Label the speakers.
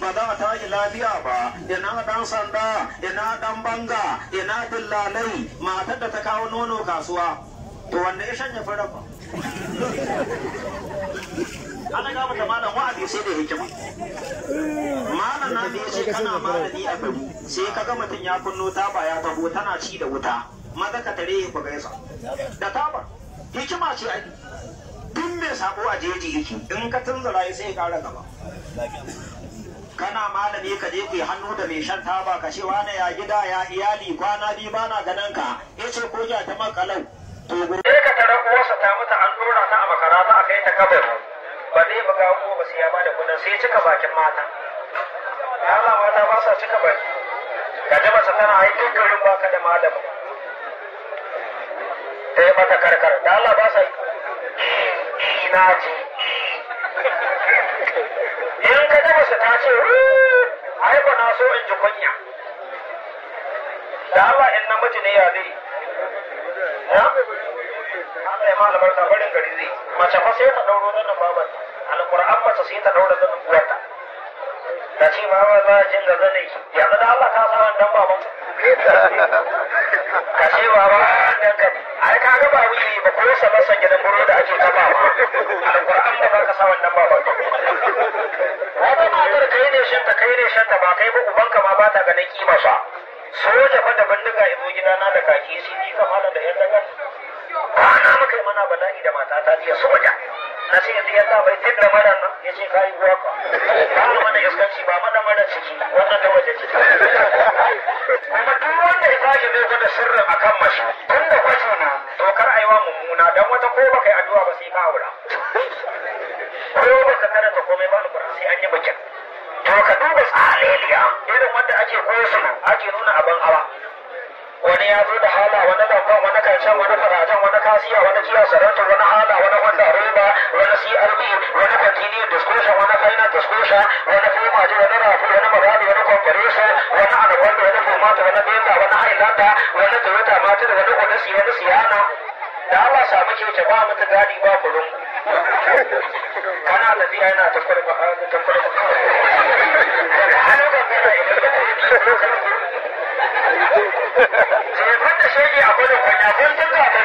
Speaker 1: ba za a tashi lafiya ba ina dan sanda ina dan banga ina dillalai matar da ta kawo nono kasuwa to wanne ya shanya fara ba ana gaba da malam abi sai da hikima malam na da yace kana malami a gabu sai kaga mutun mutum ya kunno taba ya tabo tana ci da wuta maza ka tare ku yasa da tabar hikima ce ai duk mai sako a jeji yake in ka tunzura sai ya kara gaba kana malami ka je ku yi hannu da mai shan taba ka ce wani ya gida ya iyali kwana biyu bana ganin ka ya ce ko ja ta makalau to gobe ka tara uwarsa ta mutu an dora ta a makara za a kai ta kabar ba zai buga ko ba sai ya bada kudin sai cika bakin mata Allah mata ba sa cika baki ka ji masa tana aikin garin baka da malamin ta yi mata karkar da Allah ba sa yi eh, eh, na ji ce ai ba na so in ji kunya da Allah in namiji ne ya dai ya Allah ya ma albarka barin gari zai mace fa sai ta dauro nan babar alquran mace sai ta dauro nan uwarta da ce ba ba za jin da zanin yanzu da Allah ka san dan baban ka ce ba ba dan ka ai ka ga ba wuri ba ko sa gidan buro da ake kafa alquran ba ka san dan baban dalilin shanta ba kai ba ubanka ma ba ta ganin kimarsa soja fa da bindiga ya zo na da kaki sai ni fara da yan daga kana muka yi mana bala'i da matata jiya soja na ce yanzu yalla bai tinda mara nan ya ce ka yi ruwa ka kana mana iskanci ba mana mara ciki wannan da waje ciki kuma duk wanda ya tashi zai gwada sirrin akan mashi tun da kwace na dokar aiwa mummuna dan wata ko baka yi addu'a ba sai ka aura ko baka karanta komai ba alƙur'ani sai an yi bikin ba ka duba tsaleliya irin wanda ake gosu ake nuna abin hawa wani ya zo da hala wani lambon wani karshen wani farajen wani kasiya wani jiya sarauta wani hala wani wanda roba wani crb wani continued diskoshin wani final diskosha wani fomaji, wani rafi wani magani wani kwamfareso wani anaconda wani fumata wani benda wani hailanda wani toyota da wani odisi wani siyana da Allah samu kyauta ba mutu gadi ba kurungu kana da biya yana ta kwalba ta kwalba da shege a kwalba kwanya